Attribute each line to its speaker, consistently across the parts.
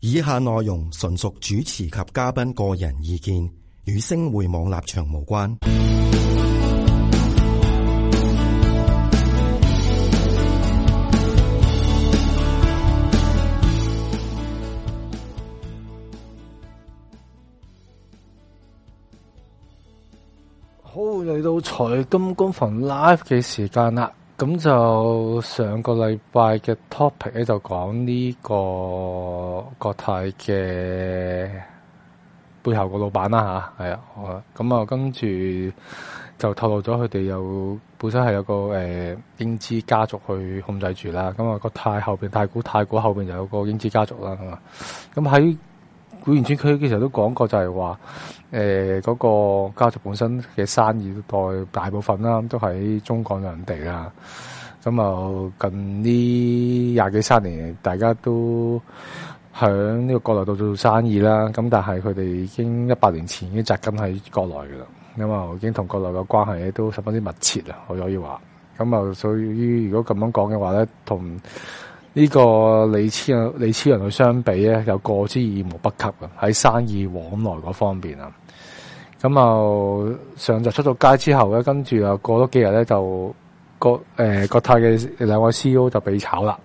Speaker 1: 以下內容純屬主持及嘉賓個人意見，與星匯網立場無關。好，嚟到財金工房 live 嘅時間啦！咁就上個禮拜嘅 topic 咧，就講呢個國泰嘅背後個老闆啦吓，係啊，好，咁啊跟住就透露咗佢哋有本身係有個誒英資家族去控制住啦。咁啊，國泰後面，太古，太古後面就有個英資家族啦。咁啊，咁喺。古元村區其實都講過就是說，就係話誒嗰個家族本身嘅生意代大部分啦，都喺中港兩地啦。咁啊近呢廿幾三年，大家都喺呢個國內度做生意啦。咁但係佢哋已經一百年前已經扎根喺國內噶啦，咁啊已經同國內嘅關係咧都十分之密切啦。我可以話咁啊，那就所以如果咁樣講嘅話咧，同。呢個李超人、李超人去相比咧，有過之而無不及啊！喺生意往來嗰方面啊，咁啊上集出咗街之後咧，跟住又過咗幾日咧，就國誒國泰嘅兩位 CEO 就被炒啦。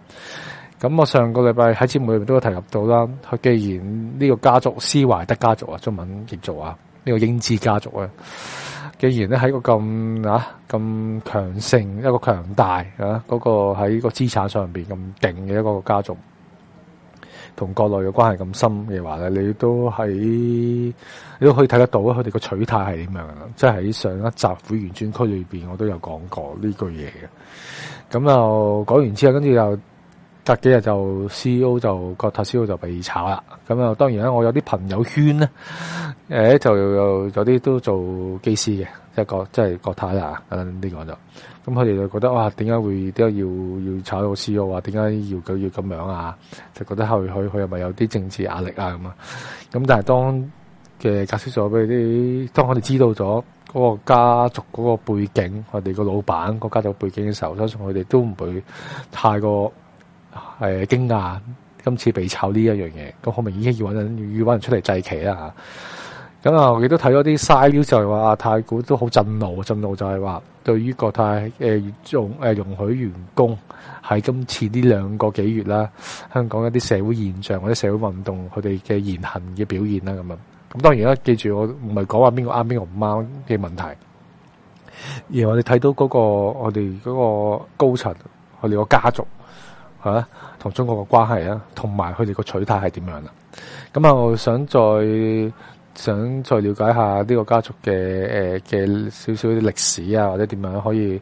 Speaker 1: 咁我上個禮拜喺節目入面都提及到啦，佢既然呢個家族施懷德家族啊，中文譯做啊，呢、這個英資家族咧。既然咧喺個咁啊咁強盛一個強大啊嗰個喺個資產上邊咁勁嘅一個家族，同國內嘅關係咁深嘅話咧，你都喺你都可以睇得到佢哋個取態係點樣，即係喺上一集《會員專區》裏邊，我都有講過呢句嘢嘅。咁就講完之後，跟住又。隔幾日就 C E O 就國泰 C E O 就被炒啦，咁啊當然啦，我有啲朋友圈咧，誒就有啲都做機師嘅，即係國即係國泰啦，呢個就，咁佢哋就覺得哇，點解會點解要要炒到 C E O 啊？點解要佢要咁樣啊？就覺得佢佢佢係咪有啲政治壓力啊？咁啊，咁但係當嘅解釋咗俾啲，當我哋知道咗嗰個家族嗰個背景，我哋個老闆個家族的背景嘅時候，相信佢哋都唔會太過。係驚訝今次被炒呢一樣嘢，咁好明顯要搵人，要搵人出嚟祭旗啦。咁啊，咁我哋都睇咗啲晒料就係、係、話、啊，太古都好震怒，震怒就係話對於國泰誒、呃、容誒容許員工喺今次呢兩個幾月啦，香、啊、港一啲社會現象或者社會運動佢哋嘅言行嘅表現啦，咁啊，咁當然啦，記住我唔係講話邊個啱邊個唔啱嘅問題，而我哋睇到嗰、嗰個我哋嗰個高層，我哋個家族。吓，同中國嘅關係啊，同埋佢哋個取態係點樣啦？咁啊，我想再想再了解下呢個家族嘅誒嘅少少啲歷史啊，或者點樣可以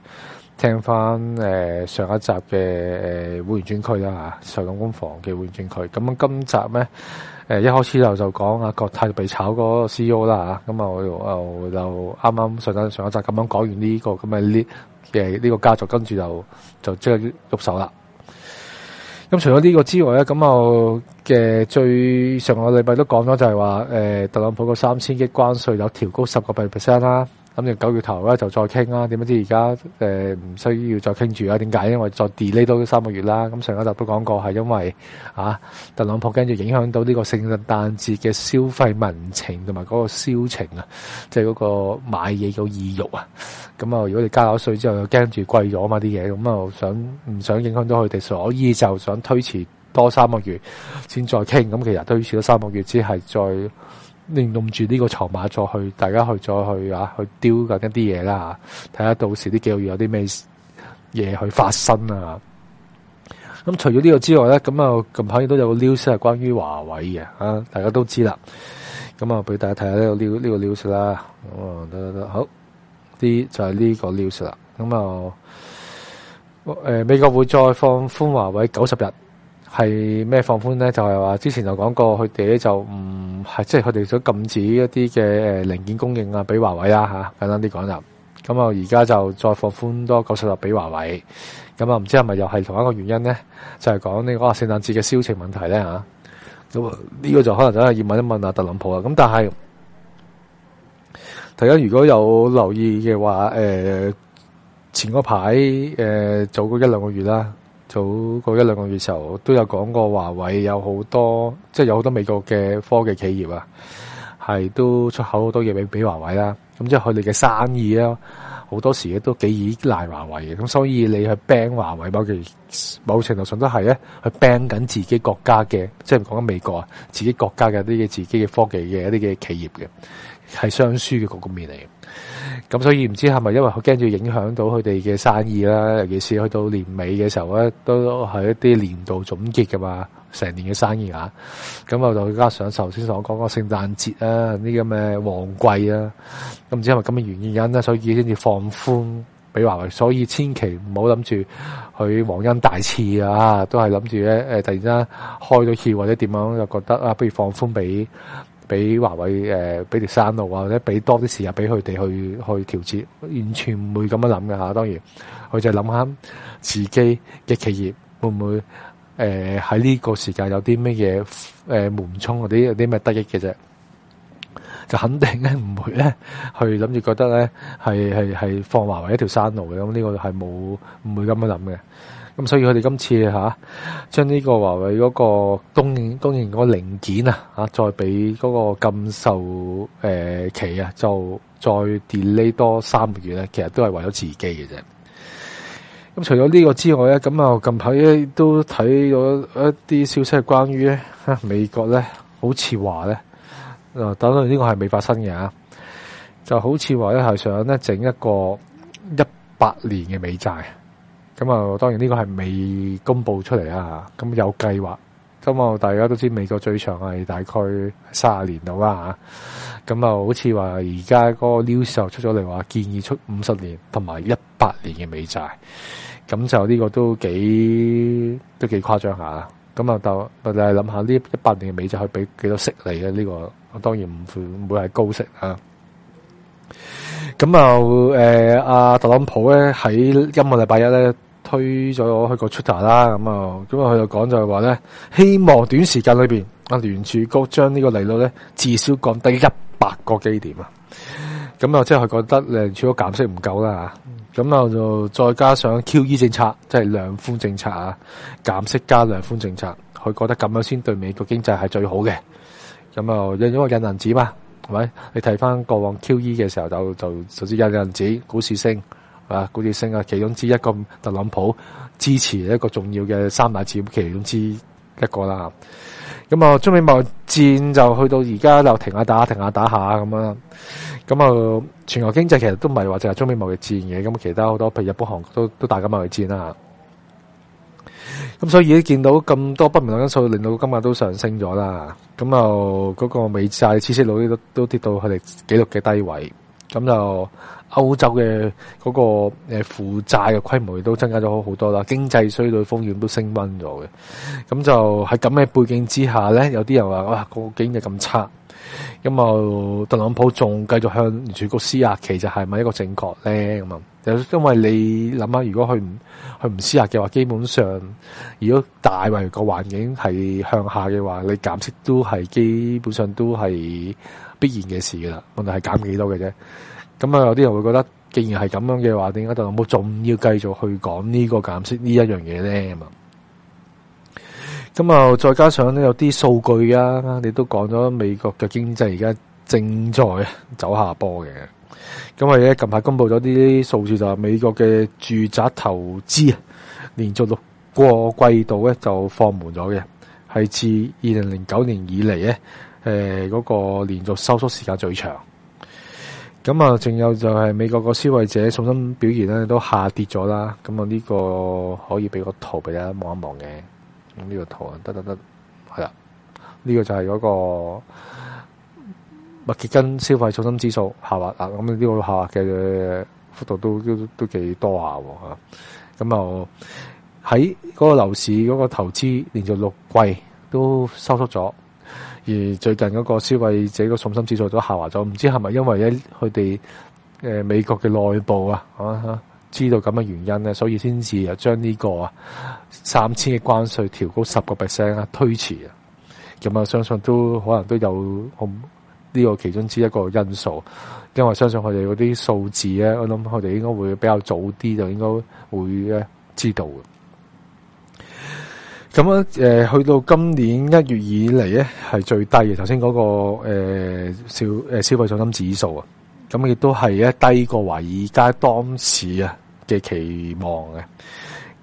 Speaker 1: 聽翻誒、呃、上一集嘅誒、呃、會員專區啦吓，財金工房嘅會員專區。咁今集咧誒、呃、一開始就就講阿國泰被炒嗰個 CEO 啦吓，咁啊我又又啱啱上上一集咁樣講完呢、這個咁嘅呢嘅呢個家族，跟住就就即係喐手啦。咁除咗呢個之外呢，咁我嘅最上個禮拜都講咗，就係話誒特朗普個三千億關稅有調高十個 percent 啦。諗住九月頭咧就再傾啦，點解知而家誒唔需要再傾住啊？點解？因為再 delay 多三個月啦。咁上一集都講過，係因為啊特朗普驚住影響到呢個聖誕節嘅消費民情同埋嗰個銷情啊，即係嗰個買嘢嘅個意欲啊。咁啊，如果你加咗稅之後又驚住貴咗嘛啲嘢，咁啊想唔想影響到佢哋？所以就想推遲多三個月先再傾。咁其實推遲多三個月只係再。利用住呢個籌碼再去，大家去再去啊去丟緊一啲嘢啦吓，睇、啊、下到時啲機會有啲咩嘢去發生啊！咁、啊、除咗呢個之外咧，咁啊近排都有個 news 係關於華為嘅、啊、大家都知啦。咁啊，俾大家睇下呢個呢 new 個 news 啦。咁啊，得得得，好啲就係、是、呢個 news 啦。咁啊，誒、啊呃，美國會再放寬華為九十日。係咩放寬咧？就係、是、話之前就講過他們就，佢哋咧就唔係，即係佢哋想禁止一啲嘅誒零件供應啊，俾華為啦、啊、吓。簡單啲講啦，咁啊而家就再放寬多九十日俾華為，咁啊唔知係咪又係同一個原因咧？就係講呢個個聖誕節嘅銷情問題咧、啊、吓。咁呢個就可能就係要問一問啊特朗普啦。咁但係大家如果有留意嘅話，誒、呃、前個排誒早過一兩個月啦。早過一兩個月時候都有講過，華為有好多即係、就是、有好多美國嘅科技企業啊，係都出口好多嘢俾俾華為啦。咁即係佢哋嘅生意啊，好多時咧都幾依賴華為嘅。咁所以你去 ban 華為某，某其某程度上都係咧去 ban 緊自己國家嘅，即係講緊美國啊，自己國家嘅啲嘅自己嘅科技嘅一啲嘅企業嘅，係相輸嘅局面嚟。咁所以唔知係咪因為佢驚住影響到佢哋嘅生意啦，尤其是去到年尾嘅時候咧，都係一啲年度總結㗎嘛，成年嘅生意啊。咁我就加上頭先所講嗰個聖誕節啊，呢咁嘅旺季啊，咁之後咁嘅原因啦。所以先至放寬俾華為，所以千祈唔好諗住去皇恩大赦啊，都係諗住咧誒，突然間開咗竅或者點樣又覺得啊，不如放寬俾。畀華為誒俾條山路啊，或者畀多啲時間畀佢哋去去調節，完全唔會咁樣諗㗎。當然，佢就係諗下自己嘅企業會唔會誒喺呢個時間有啲咩嘢誒門衝或有啲咩得益嘅啫，就肯定咧唔會咧，去諗住覺得咧係係係放華為一條山路嘅咁，呢、呢個係冇唔會咁樣諗嘅。咁所以佢哋今次吓，將、啊、呢個華為嗰個供應供應嗰個零件啊，吓再俾嗰個禁售誒企、呃、啊，就再 delay 多三個月咧，其實都係為咗自己嘅啫。咁、啊、除咗呢個之外咧，咁啊近排都睇咗一啲消息係關於咧、啊、美國咧，好似話咧、啊，等當呢個係未發生嘅啊，就好似話咧係想咧整一個一百年嘅美債。咁啊，當然呢個係未公布出嚟啊，咁有計劃。咁啊，大家都知美國最長係大概卅年到啦。咁啊，好似話而家個 news 又出咗嚟話建議出五十年同埋一百年嘅美債，咁就呢個都幾都幾誇張吓。咁啊，就我哋諗下呢一百年嘅美債可以俾幾多息利啊？呢個我當然唔會唔會係高息啊。咁啊，誒、呃，阿特朗普咧喺今個禮拜一咧，推咗去個 Twitter 啦，咁啊，咁啊佢就講就係話咧，希望短時間裏邊啊聯儲局將呢個利率咧至少降低一百個基點啊，咁啊即係佢覺得聯儲局減息唔夠啦吓，咁啊就再加上 QE 政策，即係量寬政策啊，減息加量寬政策，佢覺得咁樣先對美國經濟係最好嘅。咁啊因因為印銀紙嘛，係咪？你睇翻過往 QE 嘅時候就就首先印銀紙股市升。啊，股市升啊，其中之一個特朗普支持一個重要嘅三大指，其中之一個啦。咁啊，中美貿易戰就去到而家就停下打，停下打下咁啦。咁啊，全球經濟其實都唔係話淨係中美貿易戰嘅，咁其他好多譬如日本、韓國都都打緊貿易戰啦。咁所以你見到咁多不明因素，令到今日都上升咗啦。咁啊，嗰、那個美債孳息率都都跌到佢哋記錄嘅低位。咁就歐洲嘅嗰個負債嘅規模亦都增加咗好好多啦，經濟衰退風險都升溫咗嘅。咁就喺咁嘅背景之下咧、啊，有啲人話：哇，個經濟咁差，咁啊，特朗普仲繼續向聯儲局施壓，其實係咪一個正確咧？咁啊，因為你諗下，如果佢唔佢唔施壓嘅話，基本上如果大圍個環境係向下嘅話，你減息都係基本上都係。必然嘅事噶啦，問題係減幾多嘅啫。咁啊，有啲人會覺得，既然係咁樣嘅話，點解特朗普仲要繼續去講呢個減息、這個、呢一樣嘢咧？咁啊，再加上咧，有啲數據啊，你都講咗美國嘅經濟而家正在走下坡嘅。咁啊，而近排公布咗啲數字就係美國嘅住宅投資啊，連續六個季度咧就放緩咗嘅，係自二零零九年以嚟咧。誒，嗰個連續收縮時間最長，咁啊，仲有就係美國個消費者信心表現咧都下跌咗啦，咁啊呢個可以俾個圖俾大家望一望嘅，咁呢個圖，得得得，係啦，呢、這個就係嗰個麥吉根消費信心指數下滑。啊，咁呢個下滑嘅幅度都都都幾多下，吓，咁啊喺嗰個樓市嗰個投資連續六季都收縮咗。而最近嗰個消費者個信心指數都下滑咗，唔知係咪因為咧佢哋誒美國嘅內部啊啊，知道咁嘅原因咧，所以先至又將呢個啊三千億關稅調高十個 percent 啊，推遲啊，咁啊相信都可能都有呢個其中之一個因素，因為相信佢哋嗰啲數字咧，我諗佢哋應該會比較早啲就應該會咧、啊、知道嘅。咁啊，誒、呃，去到今年一月以嚟咧，係最低嘅。頭先嗰個誒、呃、消誒、呃、消費信心指數啊，咁亦都係咧低過華爾街當時啊嘅期望嘅。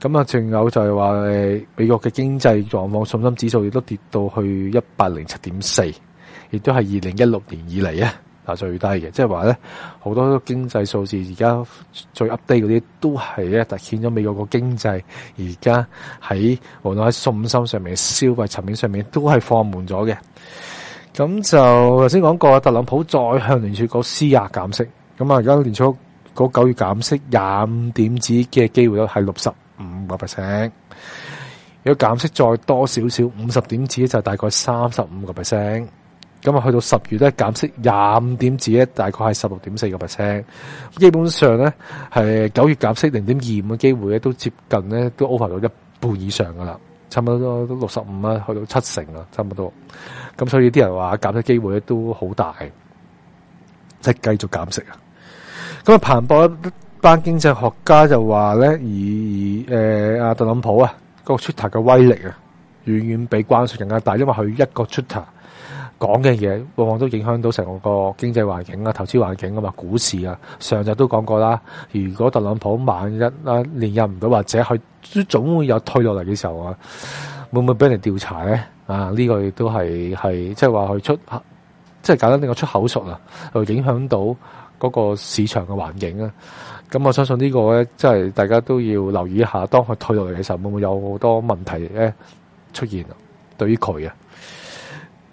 Speaker 1: 咁啊，仲有就係話誒，美國嘅經濟狀況信心指數亦都跌到去一百零七點四，亦都係二零一六年以嚟啊，係最低嘅，即係話咧，好多經濟數字而家最 update 嗰啲都係咧突顯咗美國個經濟而家喺無論喺信心上面、消費層面上面都係放慢咗嘅。咁就頭先講過，特朗普再向聯儲局施壓減息。咁啊，而家聯儲局九月減息廿五點子嘅機會都係六十五個 percent。如果減息再多少少五十點子，就大概三十五個 percent。咁啊，去到十月咧減息廿五點至咧，大概係十六點四個 percent。基本上咧係九月減息零點二五嘅機會咧，都接近咧都 over 到一半以上噶啦，差唔多都六十五啊，去到七成啊，差唔多。咁所以啲人話減息機會咧都好大，即係繼續減息啊。咁啊，彭博一班經濟學家，就話咧，以誒阿特朗普啊，個 Twitter 嘅威力啊，遠遠比關稅更加大，因為佢一個 Twitter。講嘅嘢往往都影響到成個經濟環境啊、投資環境啊、股市啊。上集都講過啦，如果特朗普萬一啦連任唔到，或者佢都總會有退落嚟嘅時候啊，會唔會俾人調查咧？啊，呢、這個亦都係係即係話佢出即係搞緊你個出口術啊，就是、會影響到嗰個市場嘅環境啊。咁我相信個呢個咧，即係大家都要留意一下，當佢退落嚟嘅時候，會唔會有好多問題咧出現對於？對於佢啊？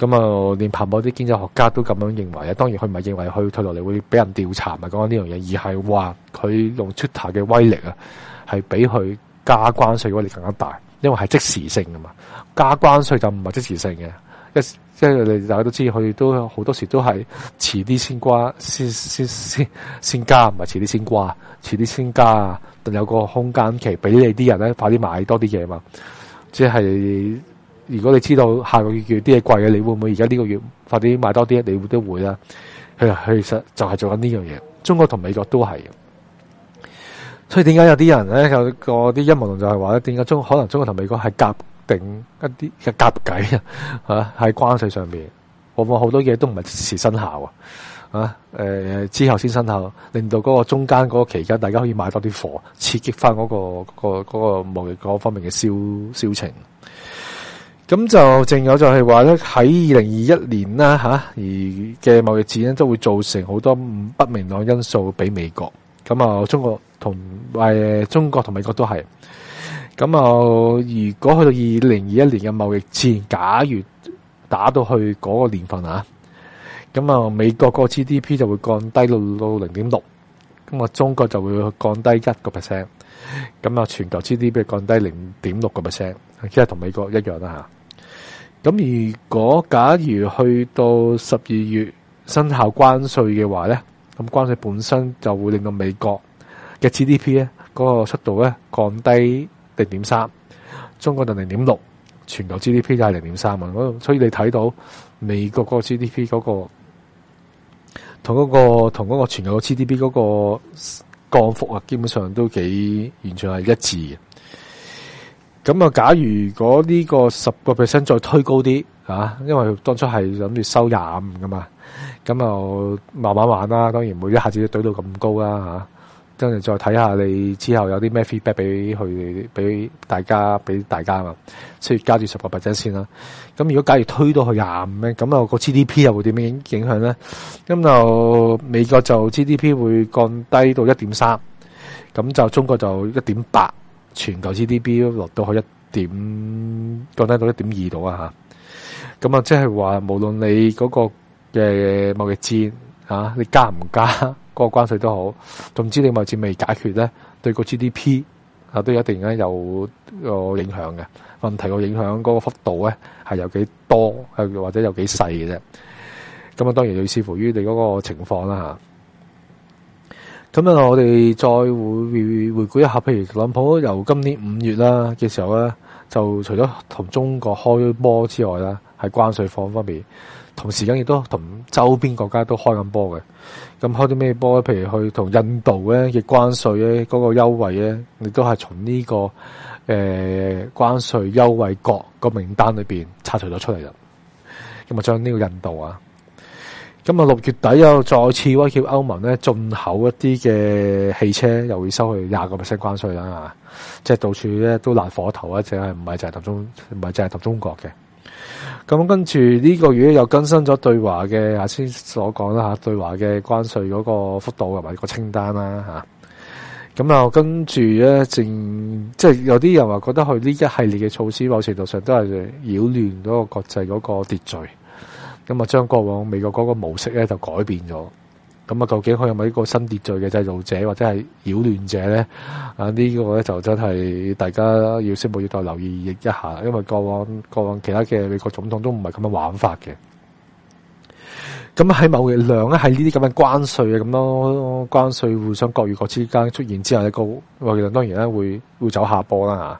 Speaker 1: 咁啊，嗯，連彭博啲經濟學家都咁樣認為啊。當然佢唔係認為佢退落嚟會俾人調查，唔係講緊呢樣嘢，而係話佢用 Twitter 嘅威力啊，係比佢加關稅威力更加大，因為係即時性㗎嘛。加關稅就唔係即時性嘅，一即係你大家都知，佢都好多時都係遲啲先關，先先先先加，唔係遲啲先關，遲啲先加，但有個空間期俾你啲人咧快啲買多啲嘢嘛，即係。如果你知道下個月啲嘢貴嘅，你會唔會而家呢個月快啲買多啲？你會都會啦。佢其實就係做緊呢樣嘢。中國同美國都係，所以點解有啲人咧有個啲陰謀論就係話咧，點解中可能中國同美國係夾定一啲嘅夾計啊？嚇喺關稅上面往往好多嘢都唔係時生效啊、呃！之後先生效，令到嗰個中間嗰個期間，大家可以買多啲貨，刺激翻、那、嗰個嗰、那個嗰、那個、那個、貿易方面嘅銷銷情。咁就淨有就係話咧，喺二零二一年啦吓，而嘅貿易戰咧都會造成好多唔不明朗因素俾美國。咁啊，中國同誒中國同美國都係。咁啊，如果去到二零二一年嘅貿易戰，假如打到去嗰個年份啊，咁啊，美國個 GDP 就會降低到到零點六，咁啊，中國就會降低一個 percent。咁啊，全球 GDP 降低零點六個 percent，即係同美國一樣啦吓。咁如果假如去到十二月生效關稅嘅話咧，咁關稅本身就會令到美國嘅 GDP 咧嗰個速度咧降低零點三，中國就零點六，全球 GDP 就係零點三啊。所以你睇到美國嗰個 GDP 嗰個同嗰個同嗰個全球 GDP 嗰個。降幅啊，基本上都幾完全係一致嘅。咁啊，假如如果呢個十個 percent 再推高啲啊，因為當初係諗住收廿五噶嘛，咁啊慢慢玩啦、啊。當然唔會一下子都懟到咁高啦、啊，吓、啊。跟住再睇下你之後有啲咩 feedback 俾佢，俾大家，俾大家啊嘛。所以加住十個 percent 先啦。咁如果假如推到去廿五咧，咁啊個 GDP 又會點樣影響咧？咁就美國就 GDP 會降低到一點三，咁就中國就一點八，全球 GDP 落到去一點，降低到一點二度啊嚇。咁啊，即係話無論你嗰個嘅貿易戰。吓、啊，你加唔加嗰個關稅都好，總之你目前未解決咧，對個 GDP 啊都有一定咧有個影響嘅。問題個影響嗰個幅度咧係有幾多，多，或者有幾細嘅啫。咁啊，當然要視乎於你嗰個情況啦吓。咁啊，我哋再會回顧一下，譬如特朗普由今年五月啦嘅時候咧，就除咗同中國開波之外啦，喺關稅方方面。同時間亦都同周邊國家都開緊波嘅，咁開啲咩波？譬如去同印度咧嘅關稅咧，嗰個優惠咧，亦都係從呢、這個誒、呃、關稅優惠國個名單裏邊拆除咗出嚟啦。咁啊，將呢個印度啊，咁啊六月底又再次威脅歐盟咧進口一啲嘅汽車又會收去廿個 percent 關稅啦、啊，即、就、係、是、到處咧都爛火頭啊！即係唔係就係揼中唔係就係揼中國嘅。咁跟住呢個月又更新咗對華嘅，阿先所講啦吓，對華嘅關稅嗰個幅度同埋個清單啦吓。咁啊，嗯、跟住咧，正即係有啲人話覺得佢呢一系列嘅措施，某程度上都係擾亂嗰個國際嗰個秩序。咁啊，將過往美國嗰個模式咧，就改變咗。咁啊，究竟佢係咪一個新秩序嘅製造者，或者係擾亂者咧？啊，呢個咧就真係大家要拭目以待留意一下，因為過往過往其他嘅美國總統都唔係咁樣玩法嘅。咁喺貿易量咧，喺呢啲咁嘅關稅啊，咁多關稅互相各與各之間出現之後咧，個匯率當然咧會會走下坡啦。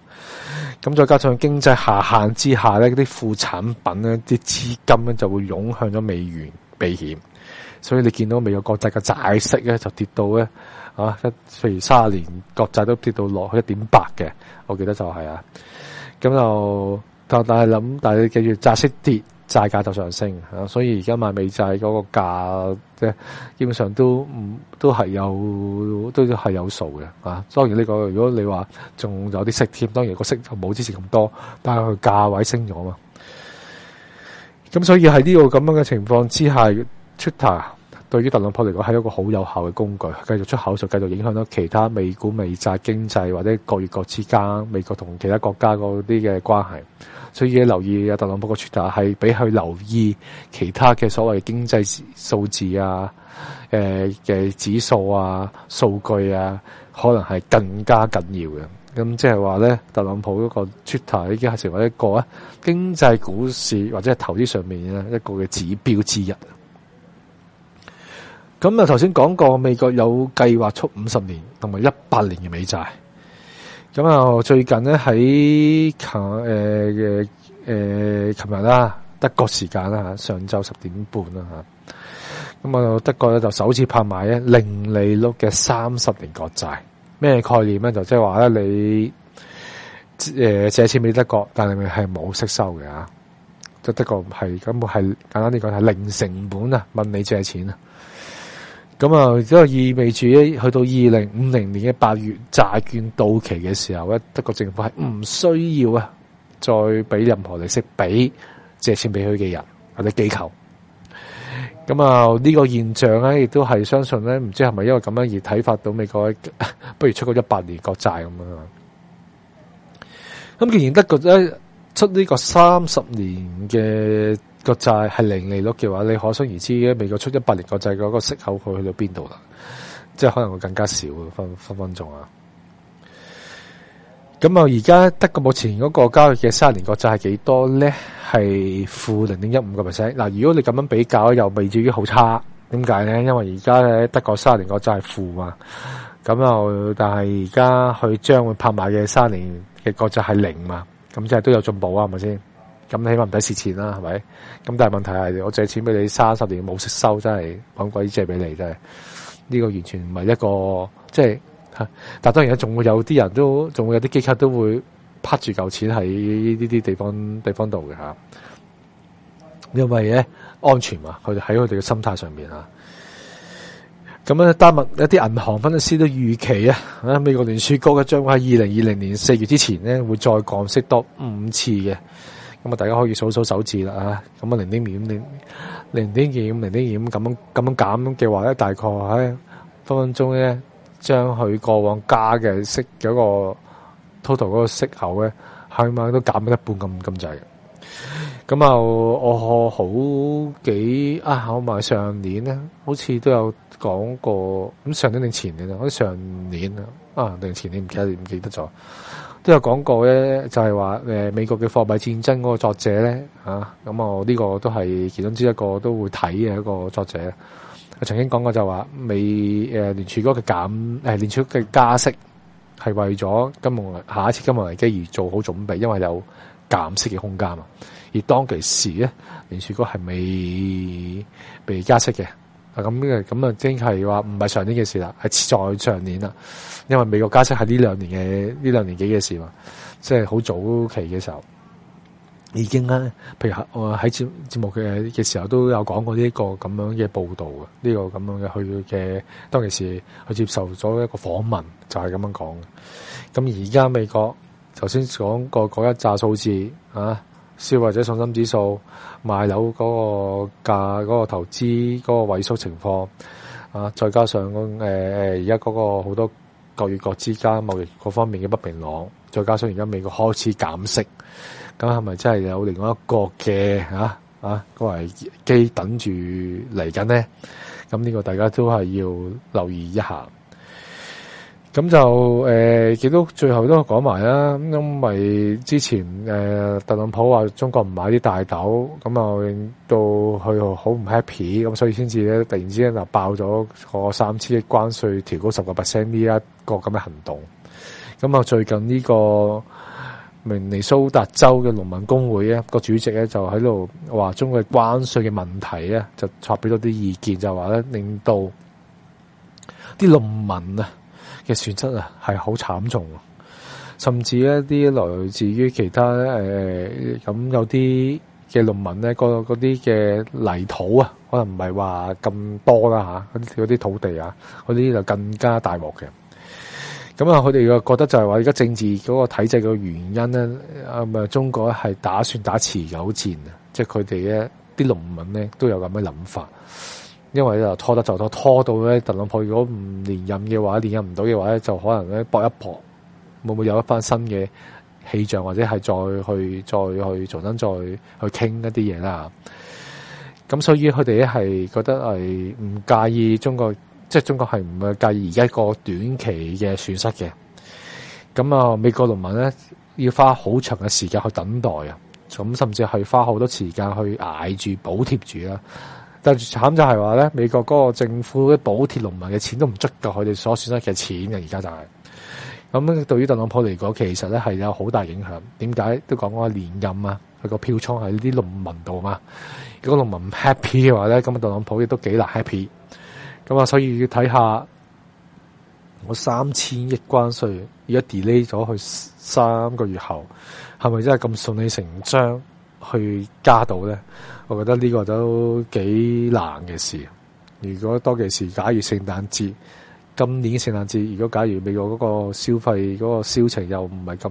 Speaker 1: 吓，咁再加上經濟下限之下咧，啲副產品咧，啲資金咧就會湧向咗美元避險。所以你見到美國國債嘅債息咧，就跌到咧啊，譬如卅年國債都跌到落去一點八嘅，我記得就係、是、啊。咁就但但係諗，但係記住債息跌，債價就上升啊，所以而家賣美債嗰個價即係基本上都唔都係有都係有數嘅啊。當然呢個如果你話仲有啲息添，當然個息就冇之前咁多，但係佢價位升咗嘛。咁所以喺呢個咁樣嘅情況之下，Twitter。對於特朗普嚟講，係一個好有效嘅工具，繼續出口就繼續影響到其他美股美債經濟，或者國與國之間美國同其他國家嗰啲嘅關係。所以要留意特朗普個 Twitter 係俾佢留意其他嘅所謂經濟數字啊、嘅、呃、指數啊、數據啊，可能係更加緊要嘅。咁即係話咧，特朗普嗰個 Twitter 已經係成為一個經濟股市或者係投資上面嘅一個嘅指標之一。咁啊，頭先講過美國有計劃出五十年同埋一百年嘅美債。咁啊，最近咧喺琴誒誒，琴日啦，德國時間啦、啊、吓，上晝十點半啦吓。咁啊，就德國咧就首次拍賣咧零利率嘅三十年國債。咩概念咧？就即係話咧你誒、呃、借錢俾德國，但係係冇息收嘅啊。即德國係根本係簡單啲講係零成本啊，問你借錢啊。咁啊，即係意味住咧，去到二零五零年嘅八月債券到期嘅時候咧，德國政府係唔需要啊，再俾任何利息俾借錢俾佢嘅人或者機構。咁啊，呢個現象咧，亦都係相信咧，唔知係咪因為咁樣而啟發到美國，不如出個一百年國債咁樣。咁既然德國咧出呢個三十年嘅。國債係零利率嘅話，你可想而知，美國出一百年國債嗰個息口佢去到邊度啦？即係可能會更加少分,分分分鐘啊！咁啊，而家德國目前嗰個交易嘅三十年國債係幾多咧？係負零點一五個 percent。嗱，如果你咁樣比較，又未至於好差。點解咧？因為而家咧德國三十年國債係負嘛，咁啊，但係而家佢將會拍賣嘅三十年嘅國債係零嘛，咁即係都有進步啊，係咪先？咁你起碼唔使蝕錢啦，係咪？咁但係問題係，我借錢俾你三十年冇息收，真係搵鬼借俾你，真係呢個完全唔係一個即係。但當然仲會有啲人都，仲會有啲機構都會趴住嚿錢喺呢啲地方地方度嘅吓。因為咧安全嘛，佢哋喺佢哋嘅心態上面吓。咁咧，丹麥一啲銀行分析師都預期啊，美國聯儲局嘅將會喺二零二零年四月之前咧會再降息多五次嘅。咁啊，大家可以數數手指啦嚇，咁啊零點幾咁零零點二、咁零點二、咁咁樣咁樣減嘅話咧，大概喺分分鐘咧，將佢過往加嘅息嗰個 total 嗰個息口咧，起碼都減咗一半咁咁滯。咁啊，我好幾啊，我咪上年咧，好似都有講過。咁上年定前年啊？好似上年啊，啊定前年唔記得唔記得咗？都有講過咧，就係話美國嘅貨幣戰爭嗰個作者咧嚇，咁我呢個都係其中之一個都會睇嘅一個作者。曾經講過就話美誒聯儲局嘅減誒聯儲局嘅加息係為咗金融下一次金融危機而做好準備，因為有減息嘅空間啊。而當其時咧，聯儲局係未被加息嘅。咁嘅，咁啊，即係話唔係上年嘅事啦，係再上年啦，因為美國加息係呢兩年嘅呢兩年幾嘅事嘛，即係好早期嘅時候，已經咧、啊，譬如我喺節節目嘅嘅時候都有講過呢、這、一個咁樣嘅報道嘅，呢、這個咁樣嘅去嘅，當其時去接受咗一個訪問，就係、是、咁樣講嘅。咁而家美國頭先講過嗰一扎數字，啊消費者信心指數、賣樓嗰個價、嗰、那個投資、嗰、那個萎縮情況啊，再加上誒而家嗰個好多國與國之間貿易各方面嘅不明朗，再加上而家美國開始減息，咁係咪真係有另外一個嘅嗰啊個危、啊、機等住嚟緊呢？咁呢個大家都係要留意一下。咁就誒，亦都最後都講埋啦。咁因為之前誒、呃、特朗普話中國唔買啲大豆，咁啊令到佢好唔 happy，咁所以先至咧突然之間就爆咗個三千億關稅調高十個 percent 呢一個咁嘅行動。咁啊最近呢個明尼蘇達州嘅農民工會咧、個主席咧就喺度話中國關稅嘅問題咧就發表咗啲意見，就話咧令到啲農民啊～嘅損失啊，係好慘重，甚至一啲來自於其他咁、呃、有啲嘅農民咧，嗰啲嘅泥土啊，可能唔係話咁多啦嚇，嗰啲土地啊，嗰啲就更加大鑊嘅。咁啊，佢哋嘅覺得就係話，而家政治嗰個體制嘅原因咧，啊、嗯、中國係打算打持久戰啊，即係佢哋咧啲農民咧都有咁嘅諗法。因為就拖得就拖，拖到咧特朗普如果唔連任嘅話，連任唔到嘅話咧，就可能咧搏一搏，會唔會有一番新嘅氣象，或者係再去再去重新再去傾一啲嘢啦。咁所以佢哋係覺得係唔介意中國，即係中國係唔會介意而家個短期嘅損失嘅。咁啊，美國農民咧要花好長嘅時間去等待啊，咁甚至係花好多時間去捱住補貼住啦。但係慘就係話咧，美國嗰個政府啲補貼農民嘅錢都唔足夠佢哋所損失嘅錢嘅，而家就係、是。咁對於特朗普嚟講，其實咧係有好大影響。點解都講過連任啊？佢個票倉喺呢啲農民度嘛。如果農民唔 happy 嘅話咧，咁啊特朗普亦都幾難 happy。咁啊，所以要睇下我三千億關稅而家 delay 咗去三個月後，係咪真係咁順理成章去加到咧？我覺得呢個都幾難嘅事。如果多件事，假如聖誕節，今年聖誕節，如果假如美國嗰個消費嗰、那個銷情又唔係咁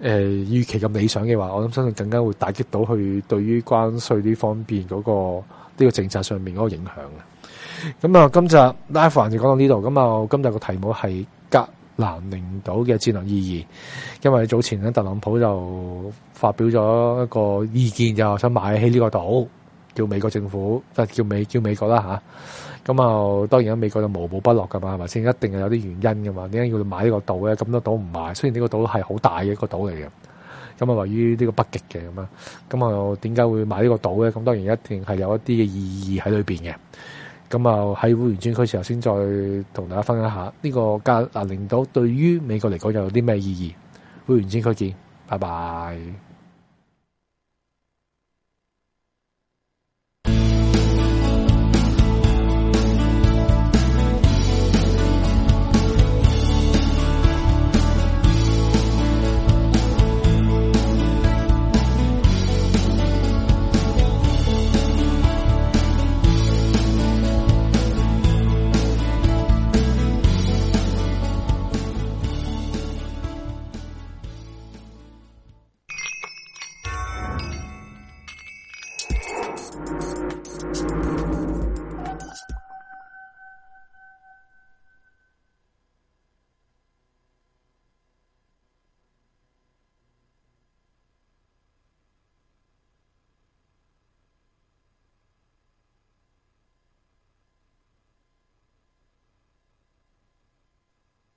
Speaker 1: 誒預期咁理想嘅話，我諗相信更加會打擊到去對於關稅呢方面嗰、那個呢、這個政策上面嗰個影響嘅。咁、嗯、啊，今集 Life 就講到呢度。咁啊，今集個題目係隔。格陵蘭島嘅戰略意義，因為早前咧特朗普就發表咗一個意見，就是、想買起呢個島，叫美國政府，即係叫美叫美國啦嚇。咁啊、嗯，當然喺美國就無寶不落㗎嘛，係咪先？一定係有啲原因㗎嘛。點解要買呢個島咧？咁多島唔買，雖然呢個島係好大嘅一個島嚟嘅，咁、嗯、啊位於呢個北極嘅咁啊，咁啊點解會買呢個島咧？咁、嗯、當然一定係有一啲嘅意義喺裏邊嘅。咁啊，喺會員專區時候先再同大家分享下呢個格陵蘭令到對於美國嚟講有啲咩意義？會員專區見，拜拜。